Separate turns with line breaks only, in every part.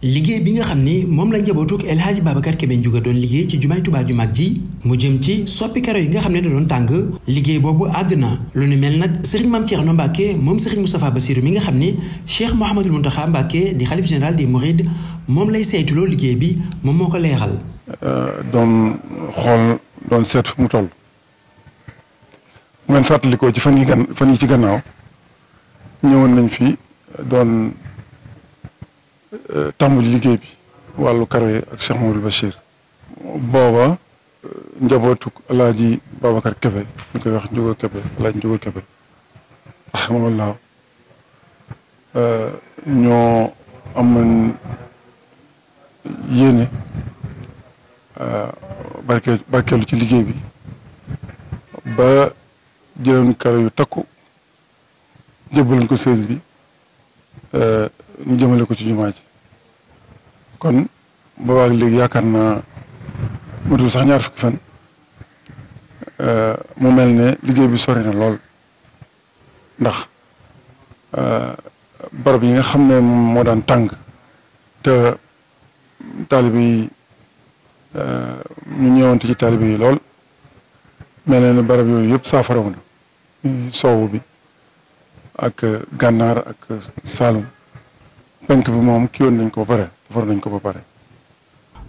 liggéey bi nga xam ni moom la njabootuk El Hadj Babacar Kébé Ndiouga doon liggéey ci jumaay Tuubaa ju mag ji mu jëm ci soppi karo yi nga xam ne da doon tàng liggéey boobu àgg na lu ni mel nag Serigne Mame Thierno Mbacke moom Serigne Moustapha Bassirou mi nga xam ni Cheikh Mouhamadul Mountakha Mbacke di xalif général des Mourides moom lay saytuloo liggéey bi moom moo ko leeral.
Euh, doon xool doon seet fu mu toll. mu ngeen fàttalikoo ci fan yi fan yi ci gannaaw ñëwoon tàmbali liggéey bi wàllu karo yi ak Cheikh Mamadou Bachir booba njabootu alaaji Babacar Kebe ñu koy wax Njugo Kebe alaaji Njugo Kebe rahmatulah euh, ñoo amoon yéene euh, barke barkeelu ci liggéey bi ba jëloon karo yu takku jëbbaloon ko sëriñ bi euh, ñu jëmale ko ci jumaa ji kon boobaag léegi yaakaar naa matul sax ñaar fukki fan eh, mu mel ne liggéey bi sori na lool ndax eh, barab yi nga xam ne moo daan tàng te taalibe yi eh, ñu ñëwante ci taalibe yi lool mel na ne barab yooyu yëpp saafarawu soowu bi ak gànnaar ak saalum penk bi moom kiwoon nañ ko ba pare defar nañ ko ba pare.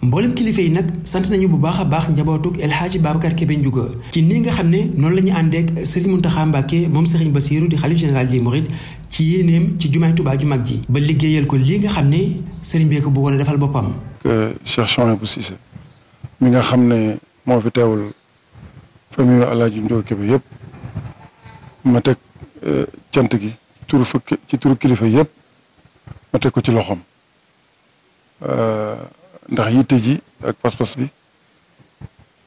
mboolem kilifa yi nag sant nañu bu baax a baax njabootug El Hadji Babacar Kébé Ndiouga ci nii nga xam ne noonu la ñu sëriñ mun Mountakha Mbacké moom ba Bassirou di xalif général ji Mourides ci yéeneem ci jumaay Touba ju mag ji. ba liggéeyal ko lii nga xam ne Serigne bi ko bëggoon defal boppam.
Euh, Cheikh Chouaïbou Cissé mi nga xam ne moo fi teewul famille El Hadji Ndiouga Kébé ma teg euh, cant gi turu ci turu kilifa yëpp. ma teg ko ci loxoom euh, ndax yitte ji ak pas-pas bi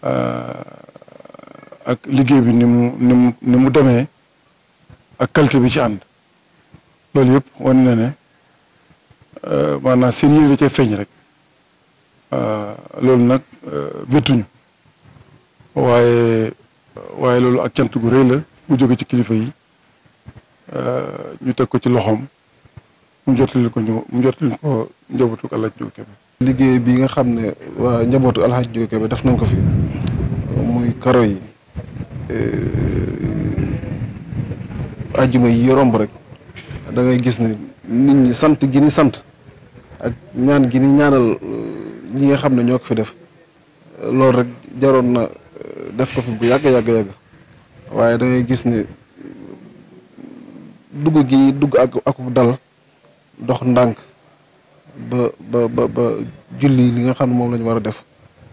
euh, ak liggéey bi ni mu ni mu demee ak qualité bi ci ànd loolu yëpp wane na ne euh, maanaam seen yéene da cee feeñ rek loolu nag bettuñu waaye waaye loolu ak cant gu rëy mu jóge ci kilifa yi ñu teg ko ci loxoom mu jottali ko ñëw mu jottali ko njabootu El Hadj liggéey bi nga xam ne waa njabootu El Hadj Ndiogou Kébé def nañ ko fi muy karo yi eh, ajjuma yi romb rek da ngay gis ne nit ñi sant gi ni sant ak ñaan gi ni ñaanal eh, ñi nga xam ne ñoo ko fi def loolu rek jaroon na eh, def ko fi bu yàgg yàgg yàgg waaye dangay gis ne dugg gi dugg ak ak dal. dox ndànk ba ba ba julli li nga xam ne moom la ñu war a def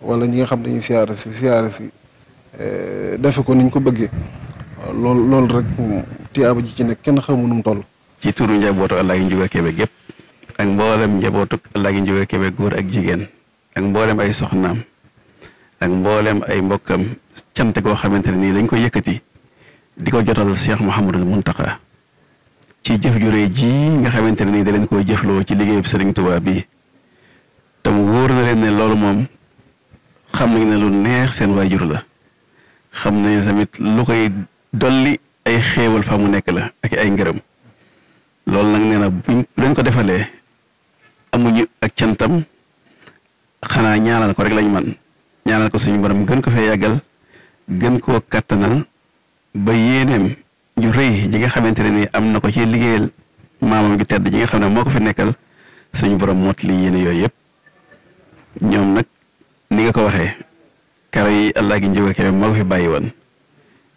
wala ñi nga xam dañuy siyaare si siyaare si eh, defe ko niñ ko bëggee loolu loolu rek tiyaaba ji ci kenn xamu nu toll.
ci turu njabootu Allaahi Ndiouga Kébé gépp ak mboolem njabootu Allaahi Ndiouga Kébé góor ak jigéen ak mboolem ay soxnaam ak mboolem ay mbokkam cant goo xamante ne nii dañ koy yëkkati di ko jotal Cheikh Mouhamadul Mountakha. ci jëf ju rëy ji nga xamante ne nii da leen koo jëfloo ci liggéeyub Sëriñ Tuubaa bi te mu wóor na leen ne loolu moom xam nañ ne lu neex seen waajur la xam nañ tamit lu koy dolli ay xéewal fa mu nekk la ak ay ngërëm loolu nag nee na buñ leen ko defalee amuñu ak cantam xanaa ñaanal ko rek lañ man ñaanal ko suñu borom gën ko fee yàggal gën koo kàttanal ba yéeneem ju rëy ji nga xamante ne ni am na ko ci liggéeyal maamam ju tedd ji nga xam ne moo ko fi nekkal suñu borom mottali yéene yooyu yëpp ñoom nag ni nga ko waxee kara yi allah gi njóga kebe moo ko fi bàyyi woon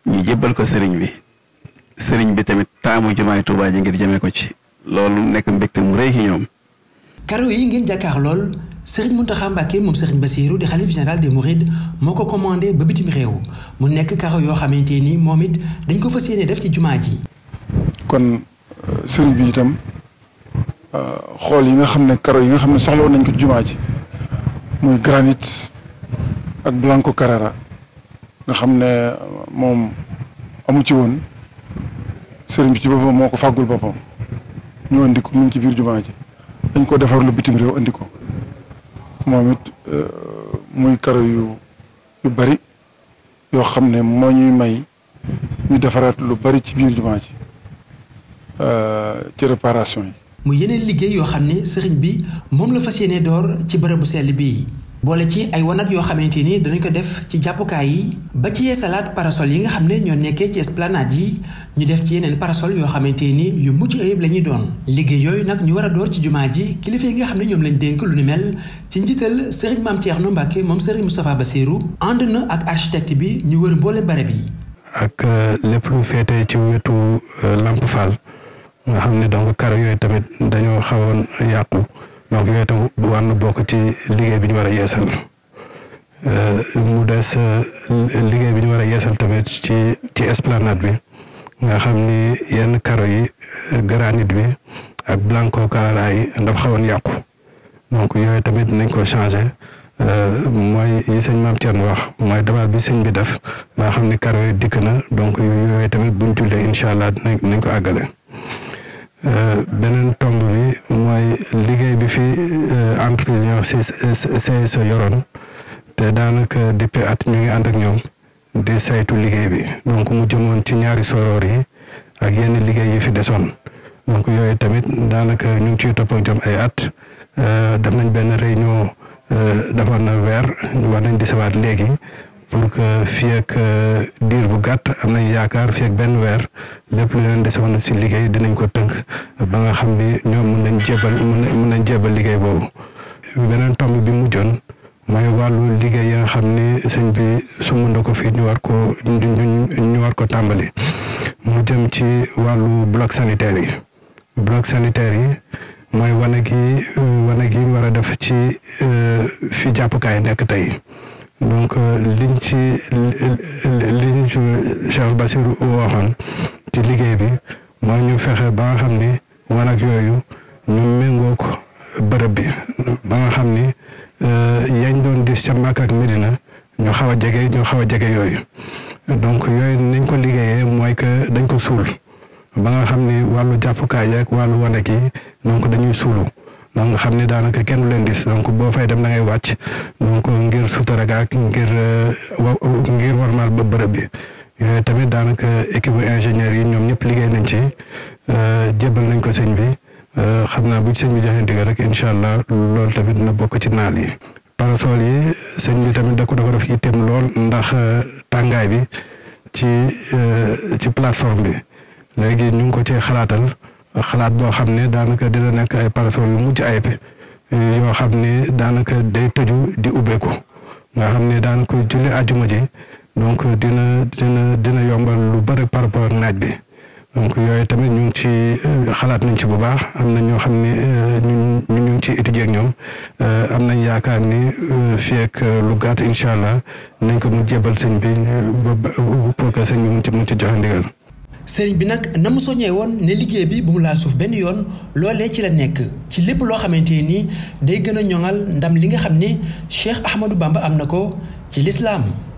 ñu jébbal ko sëriñ bi sëriñ bi tamit taamu jumaay Tuubaa ji ngir jëmee ko ci loolu nekk mbégte mu rëy ci ñoom
karo yi ngeen jàkkaar lool sëriñ mun Mountakha Mbacké moom sëriñ Bassirou di xalif général des Mourides moo ko commandé ba bitim réew mu nekk karo yoo xamante nii moom it dañ ko fa yéene def ci jumaa ji.
kon euh, sëriñ itam euh, xool yi nga xam ne karo yi nga xam ne soxla woon nañ ko jumaa muy granit ak blanco carrara nga xam ne euh, moom amu ci woon sëriñ bi ci boppam moo ko fàggul boppam ñu andi ko mu ci biir jumaa ji dañ ko defar lu bitim réew andi ko. moom it euh, muy karo yu yu bari yoo xam ne moo ñuy may ñu defaraat lu bari ci biir jumaa ji euh, ci réparation yi.
mu yeneen liggéey yoo xam ne sëriñ bi moom la fas yenee door ci bërëbu sell bii. boole ci ay wanag yoo xamante nii danañ ko def ci jàppukaay yi ba ci yee yeesalaat parasol yi nga xam ne ñoo nekkee ci esplanade yi ñu def ci yeneen parasol yoo xamante ni yu mucc ayib la ñuy doon liggéey yooyu nag ñu war a door ci jumaa ji kilifa yi nga xam ne ñoom lañ dénk lu ni mel ci njiital sëriñ Maam Thierno Mbacke moom sëriñ Moustapha Bassirou ànd na ak architecte bi ñu wër mboole barab yi.
ak euh, lépp lu féete ci wetu euh, Lamp Fall nga xam ne donc karo yooyu tamit dañoo xawoon donc yooyu tam war bokk ci liggéey bi ñu war a yeesal euh, mu des euh, liggéey bi ñu war a yeesal tamit ci ci esplanade bi nga xam ni yenn karo yi euh, granit bi ak blanco carrara yi dafa xawoon yàqu donc yooyu tamit nañ ko changer mooy yi sëñ maam Thierno wax mooy dabar bi sëñ bi def nga xam ni karo yi dikk na donc yooy tamit buñ jullee incha allah nañ ko àggale. Euh, beneen tomb bi mooy liggéey bi fi euh, entrepreneur si so yoroon te daanaka depuis at ñu ngi ànd ak ñoom di saytu liggéey bi donc mu jëmoon ci ñaari soroor yi ak yenn liggéey yi fi desoon donc yooyu tamit daanaka ñu ngi ciy topp ak jom ay at euh, def nañ benn réunion defoon na weer war nañ di sawaat léegi pour euh, que fii ak euh, diir bu gàtt am nañ yaakaar fii ak benn weer lépp lu leen desewoon na si liggéey dinañ ko tënk ba nga xam ni ñoom mun nañ jébal mun nañ jébal liggéey boobu. beneen tomb bi mu mujjoon mooy wàllu liggéey yi nga xam ni sëñ bi sumb na ko fii ñu war ko ñu ñu war ko tàmbali mu jëm ci wàllu bloc sanitaire yi bloc sanitaire yi mooy wanag yi euh, wanag yi war a def ci fi jàppukaay nekk tey. donc euh, liñ ci liñ ci Cheikh Bassirou ci liggéey bi mooy ñu fexe ba xam ni wanag yooyu ñu méngook bërëb bi ba nga xam ni euh, yañ doon gis ca Makka ak Medina ñu xaw a jege ñu xaw a jege yooyu donc yooyu niñ ko liggéeyee mooy que dañ ko suul ba nga xam ni wàllu jàppukaay yeeg wàllu wanag yi donc dañuy suulu donc nga xam ne daanaka kenn du leen gis donc boo fay dem da ngay wàcc donc ngir sutura ak ngir euh, ngir warmaal ba bërëb bi yooyu tamit daanaka équipe ingénieur yi ñoom ñëpp liggéey nañ ci euh, jébbal nañ ko sëñ bi euh, xam naa bu sëñ bi joxe rek incha allah loolu tamit na bokk ci naal yi. parasol yi sëñ bi tamit da ko dafa def itam lool ndax tàngaay bi ci ci plateforme bi léegi ñu ngi ko ci xalaatal. xalaat boo xam ne daanaka dina nekk ay parasol yu mucc ayib eh, yoo xam ne daanaka day tëju di ubbeeku nga xam ne daanaka julli àjjuma ji donc dina dina dina yombal lu bari par rapport naaj bi donc yooyu tamit ñu ngi ci eh, xalaat nañ ci bu baax am na ñoo xam ne eh, ñu ñu ngi ci étudier ak ñoom am nañ yaakaar ni fii ak lu gàtt incha allah nañ ko mu jébal
sëñ bi pour que sëñ bi mu ci mu ci joxe ndigal. sëriñ bi nag na mu soññee woon ne liggéey bi bu mu laal suuf benn yoon loolee ci la nekk ci lépp loo xamante ni day
gën a ñoŋal ndam li nga xam ni Cheikh Ahmadou Bamba am na ko ci lislaam